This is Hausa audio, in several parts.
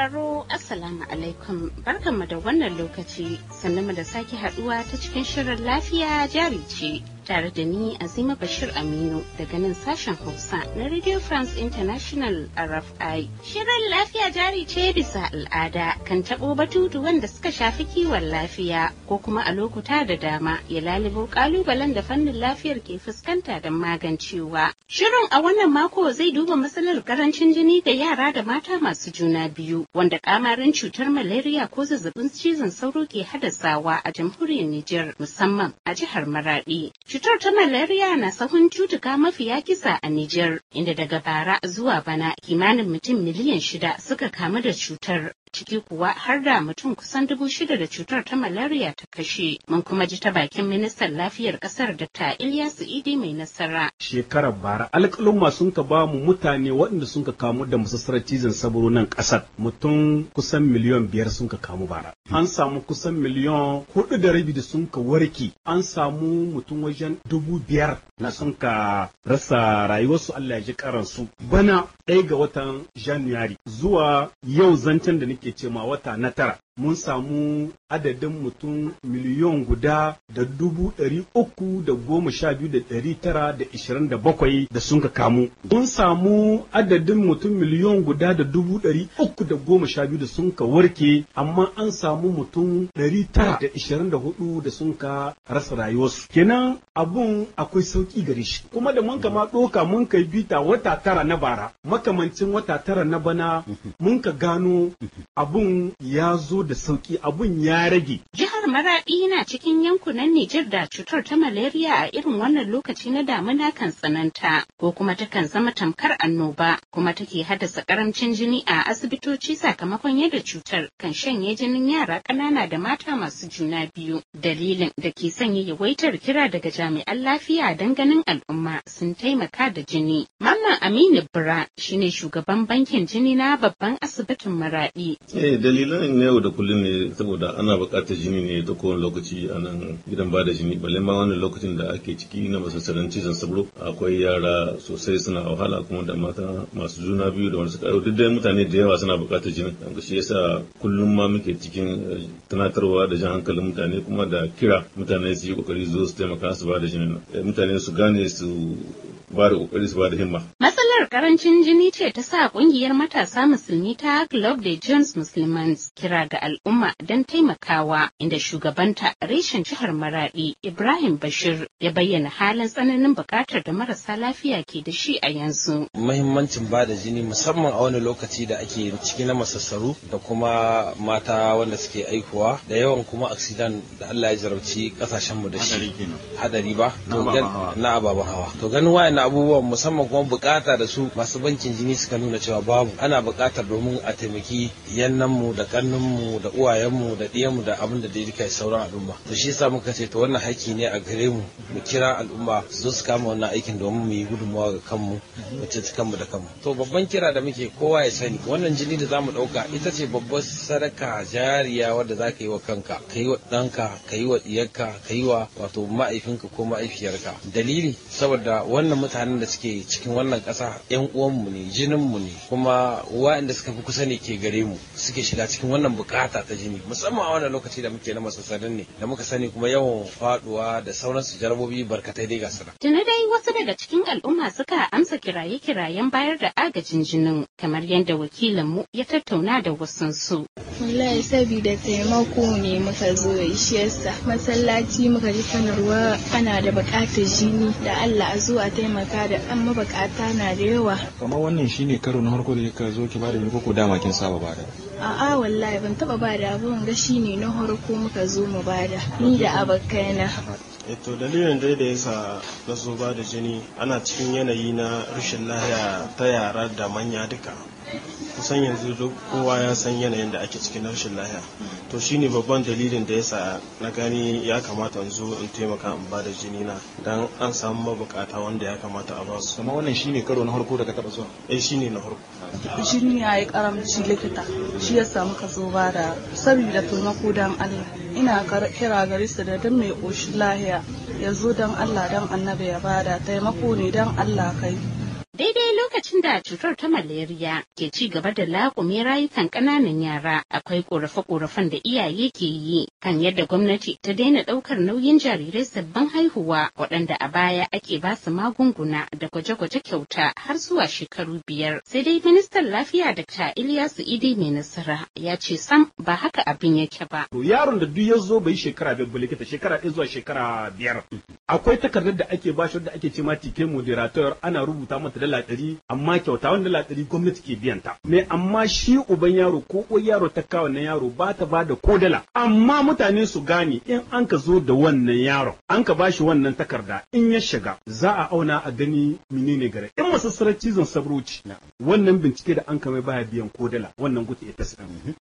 sauraro Assalamu alaikum barkanmu da wannan lokaci sannan mu da sake haduwa ta cikin shirin lafiya jari ce tare da ni Azima Bashir Aminu daga nan sashen Hausa na Radio France International RFI. Shirin lafiya jari ce bisa al'ada kan taɓo batutu wanda suka shafi kiwon lafiya ko kuma a lokuta da dama ya lalibo kalubalen da fannin lafiyar ke fuskanta don magancewa. Shirin a wannan mako zai duba matsalar karancin jini ga yara da mata masu juna biyu wanda kamarin cutar malaria ko zazzabin cizon sauro ke hadasawa a jamhuriyar Nijar musamman a jihar Maradi. Cutar ta malaria na sahun cutuka mafiya kisa a Nijar, inda daga bara zuwa bana kimanin mutum miliyan shida suka kamu da cutar ciki kuwa har da mutum kusan dubu shida da cutar ta malaria ta kashe. Mun kuma ji ta bakin ministan lafiyar kasar ta Ilyasu Idi mai nasara. Shekarar bara alƙalumma sun ka ba mu mutane waɗanda sun ka kamu da masassarar cizon saburo nan ƙasar mutum kusan miliyan biyar sun ka kamu bara. An samu kusan miliyan hudu da rabi da sun ka warke an samu mutum wajen dubu biyar na sun ka rasa rayuwarsu Allah ya ji karansu. Bana ɗaya ga watan Januari zuwa yau zancen da ni. ke ce ma wata na tara mun samu adadin mutum miliyon guda da dubu ɗari uku da goma sha biyu da ɗari tara da ishirin da bakwai da sun ka kamu. Mun samu adadin mutum miliyon guda da dubu ɗari uku da goma sha biyu da sun ka warke amma an samu mutum ɗari tara da ishirin da hudu da sun ka rasa rayuwarsu. Kenan abun akwai sauƙi gare shi. Kuma da mun kama ɗoka mun kai bita wata tara na bara makamancin wata tara na bana mhm. mun ka gano mhm. abun ya zo da sauki abun ya rage. Jihar Maraɗi yana cikin yankunan Nijar da cutar ta malaria a irin wannan lokaci na damuna kan tsananta ko kuma takan zama tamkar annoba kuma take haddasa karamcin jini a asibitoci sakamakon yadda cutar kan shanye jinin yara ƙanana da mata masu juna biyu. Dalilin da ke sanya yawaitar kira daga jami'an lafiya don ganin al'umma sun taimaka da jini. Malam Aminu Bura ne shugaban bankin jini na babban asibitin maraɗi Eh dalilan na yau da kullum ne saboda ana buƙatar jini ne ta kowane lokaci a nan gidan ba da jini balle ma wani lokacin da ake ciki na masasaran cizon sabro akwai yara sosai suna wahala kuma da mata masu juna biyu da wani suka duk dai mutane da yawa suna buƙatar jini don shi yasa kullum ma muke cikin eh, tunatarwa da jan hankalin mutane kuma da kira mutane su yi kokari zo su taimaka su ba da jini eh, mutane su gane su ba da ƙoƙari su ba da himma Matsalar karancin jini ce ta sa kungiyar matasa musulmi ta Club de Jones Muslimans kira ga al'umma don taimakawa inda shugabanta reshen jihar Maradi Ibrahim Bashir ya bayyana halin tsananin bukatar da marasa lafiya ke da shi a yanzu. Muhimmancin ba da jini musamman a wani lokaci da ake ciki na masassaru da kuma mata wanda suke aikuwa da yawan kuma aksidan da Allah ya jarabci kasashen mu da shi. Hadari ba. Na ababen hawa. To ganin wa'annan abubuwan musamman kuma bukata da su masu bankin jini suka nuna cewa babu ana buƙatar domin a taimaki yannanmu da ƙannanmu da uwayenmu da ɗiyanmu da abin da dai duka sauran al'umma to shi yasa muka ce to wannan haƙƙi ne a gare mu mu kira al'umma su su kama wannan aikin domin mu yi gudunmawa ga kanmu mu ceci kanmu da kanmu to babban kira da muke kowa ya sani wannan jini da zamu ɗauka ita ce babbar sadaka jariya wadda za ka yi wa kanka ka yi wa ɗanka ka yi wa ɗiyarka ka yi wa wato ma'aifinka ko ma'aifiyarka dalili saboda wannan mutanen da suke cikin wannan ƙasa yan uwanmu ne jininmu ne kuma waɗanda suka fi kusa ne ke gare mu suke shiga cikin wannan bukata ta jini musamman a wannan lokaci da muke na masasarin ne da muka sani kuma yawan faduwa da sauran su jarabobi barkatai dai ga sana. tuni dai wasu daga cikin al'umma suka amsa kiraye-kirayen bayar da agajin jinin kamar yadda wakilin mu ya tattauna da su Wallahi sabida taimako ne muka zo shi yasa masallaci muka ji sanarwa ana da bukatar jini da Allah a zo taimaka da an mabukata na da yawa kamar wannan shine karo na harko da ya zo ki bada ni koko dama kin saba bada a'a wallahi ban taba bada abun ga ne na harko muka zo mu bada ni da abakaina Eto, eh, dalilin dai da yasa na zo bada jini ana cikin yanayi na rashin lahiya ta yara da manya duka kusan yanzu duk kowa ya san yanayin da ake cikin rashin lahiya to shine babban dalilin da ya sa na gani ya kamata zo in taimaka in ba da jini na dan an samu mabukata wanda ya kamata a basu kuma wannan shine karo na farko da ka taba zuwa eh shine na farko jini ya yi karamci likita shi samu ka zo ba da saboda taimako dan Allah ina kira gare da dan mai koshin lahiya Ya zo dan Allah dan annabi ya bada taimako ne dan Allah kai Daidai lokacin da cutar ta malaria ke ci gaba da laƙumi rayukan ƙananan yara akwai ƙorafe korafen da iyaye ke yi kan yadda gwamnati ta daina ɗaukar nauyin jarirai sabbin haihuwa waɗanda a baya ake ba su magunguna da gwaje-gwaje kyauta har zuwa shekaru biyar. Sai dai ministan lafiya dakta Ilyasu Idi mai nasara ya ce sam ba haka abin yake ba. Yaron da duk ya zo bai shekara biyar ba likita shekara ɗaya zuwa shekara biyar. Akwai takardar da ake ba shi da ake ce ma tike moderator ana rubuta mata dala ɗari amma kyauta wanda dala gwamnati ke biyan ta me amma shi uban yaro ko uwar yaro ta kawo wannan yaro ba ta ba da ko dala amma mutane su gane in an ka zo da wannan yaron an ka shi wannan takarda in ya shiga za a auna a gani menene gare in masassarar cizon sabroci wannan bincike da an ka mai baya biyan ko dala wannan gutu ita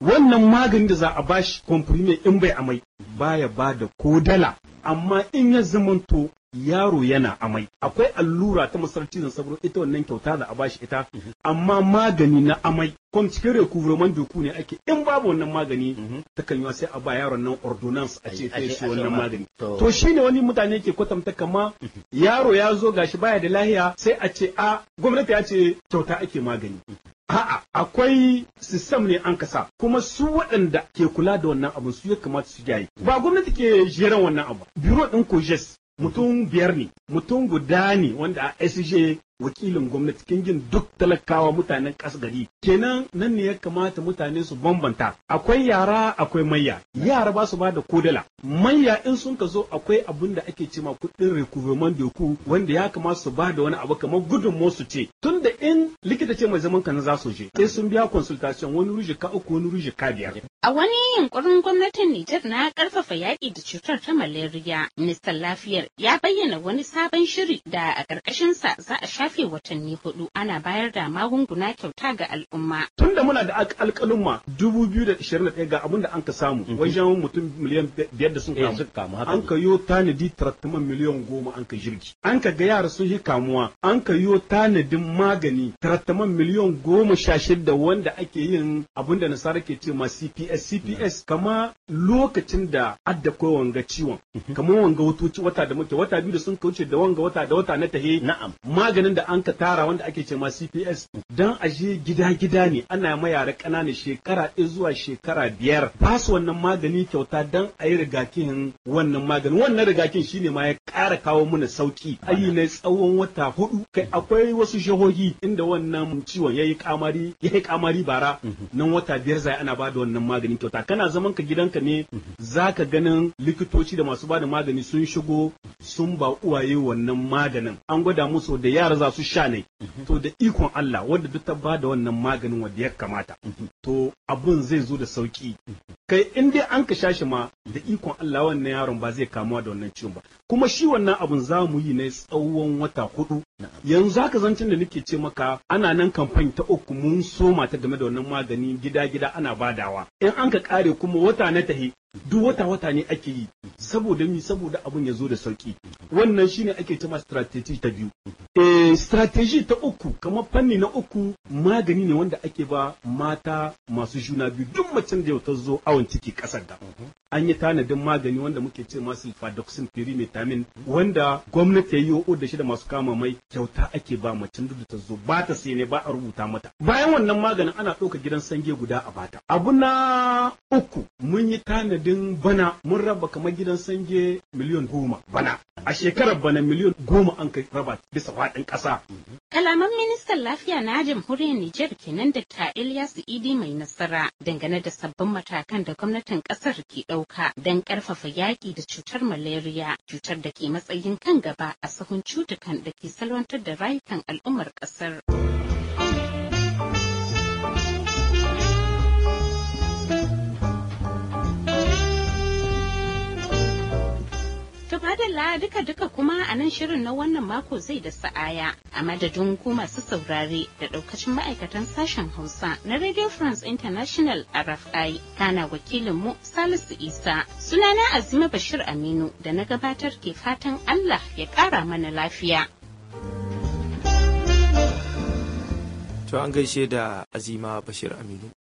wannan magani da za a bashi komprime in bai amai baya ba da ko dala amma in ya zamanto yaro yana amai akwai allura ta masar cizon sauro ita wannan kyauta da a bashi ita mhm. amma magani na amai kuma cikin man doku ne ake in babu wannan magani mhm. ta kan sai a ba yaron nan ordonance a ce kai shi wannan magani to shine wani mutane ke kwatanta kama mhm. yaro ya zo gashi baya da lahiya sai a ce a gwamnati ya ce kyauta ake magani A'a, akwai sistem ne an kasa, kuma su waɗanda ke kula da wannan abin su ya kamata su jaye. Ba gwamnati ke jeran wannan abu. Biro ɗin Kojes mutum biyar ne mutum guda ne wanda a sj wakilin gwamnati kin jin duk talakawa mutanen ƙas gari kenan nan ne ya kamata mutane su bambanta akwai yara akwai mayya yara ba su ba da kodala manya in sun ka zo akwai abin da ake cema kuɗin recouvrement de coût wanda ya kamata su ba da wani abu kamar gudun su ce tunda in likita ce mai zaman kana za su je sai sun biya consultation wani ruji ka uku wani ruji ka biyar A wani yunkurin gwamnatin Nijar na karfafa yaƙi da cutar ta malaria, ministan lafiyar ya bayyana wani sabon shiri da a sa za a shafe watanni hudu ana bayar da magunguna kyauta ga al'umma. Tunda muna da alƙalumma ɗaya ga abin da an ka samu mhm. wajen mutum miliyan biyar yadda sun eh, kamu kamu haka an ka yo tanadi tarattaman miliyan goma an ka jirgi an ka ga yara sun yi kamuwa an ka yo tanadin magani tarattaman miliyan goma sha shidda wanda ake yin abin da nasara ke ce ma CPS CPS kama lokacin da adda ko wanga ciwon mhm. kamar wanga wutoci wata da muke wata biyu da sun kauce da wanga wata da wata na tahe na'am maganin da an ka tara wanda ake ce ma CPS dan aje gida gida ne ana ma yara ƙanana shekara ɗaya zuwa shekara biyar ba su wannan magani kyauta dan a yi riga rigakafin wannan maganin wannan rigakin shine ma ya ƙara kawo mana sauki ayi na tsawon wata hudu kai akwai wasu shahohi inda wannan ciwon yayi kamari yayi kamari bara mhm. nan wata biyar zai ana bada wannan maganin kyauta kana zaman ka gidanka ne mhm. zaka ganin likitoci da masu bada magani sun shigo sun ba uwaye wannan maganin an gwada musu da yara za su sha ne mhm. to da ikon Allah wanda duk ta bada wannan maganin wanda ya kamata to abun zai zo da sauki kai in dai an ka sha ma da ikon ikon Allah wannan yaron ba zai kamuwa da wannan ciwon ba kuma shi wannan abun za mu yi na tsawon wata hudu yanzu haka zancen da nake ce maka ana nan kamfani ta uku mun soma ta game da wannan magani gida gida ana badawa in an ka kare kuma wata na tahi duk wata wata ne ake yi saboda mi saboda abun ya zo da sauki wannan shine ake cema strategy ta biyu eh strategy ta uku kamar fanni na uku magani ne wanda ake ba mata masu juna biyu duk macen da ta zo awon ciki kasar da an yi tanadin magani wanda muke ce masu fadoxin pyrimethamine wanda gwamnati ya yi da shi da masu kama mai kyauta ake ba macen duk da ta zo ba ta sai ne ba a rubuta mata bayan wannan maganin ana ɗauka gidan sange guda a bata abu na uku mun yi tanadin adadin bana mun raba kamar gidan sanje miliyon goma bana a shekarar bana miliyon goma an kai raba bisa faɗin ƙasa. Kalaman ministan lafiya na jamhuriyar Nijar kenan da ta Ilyasu Idi mai nasara dangane da sabbin matakan da gwamnatin ƙasar ke ɗauka don ƙarfafa yaƙi da cutar malaria cutar da ke matsayin kan gaba a sahun cutukan da ke salwantar da rayukan al'ummar ƙasar. madalla duka-duka kuma a nan shirin na wannan mako zai da sa'aya a madadin ku masu saurare da daukacin ma'aikatan sashen hausa na radio france international rfi kana wakilin mu salisu isa sunana azima bashir aminu da na gabatar ke fatan allah ya kara mana lafiya to an gaishe da azima bashir aminu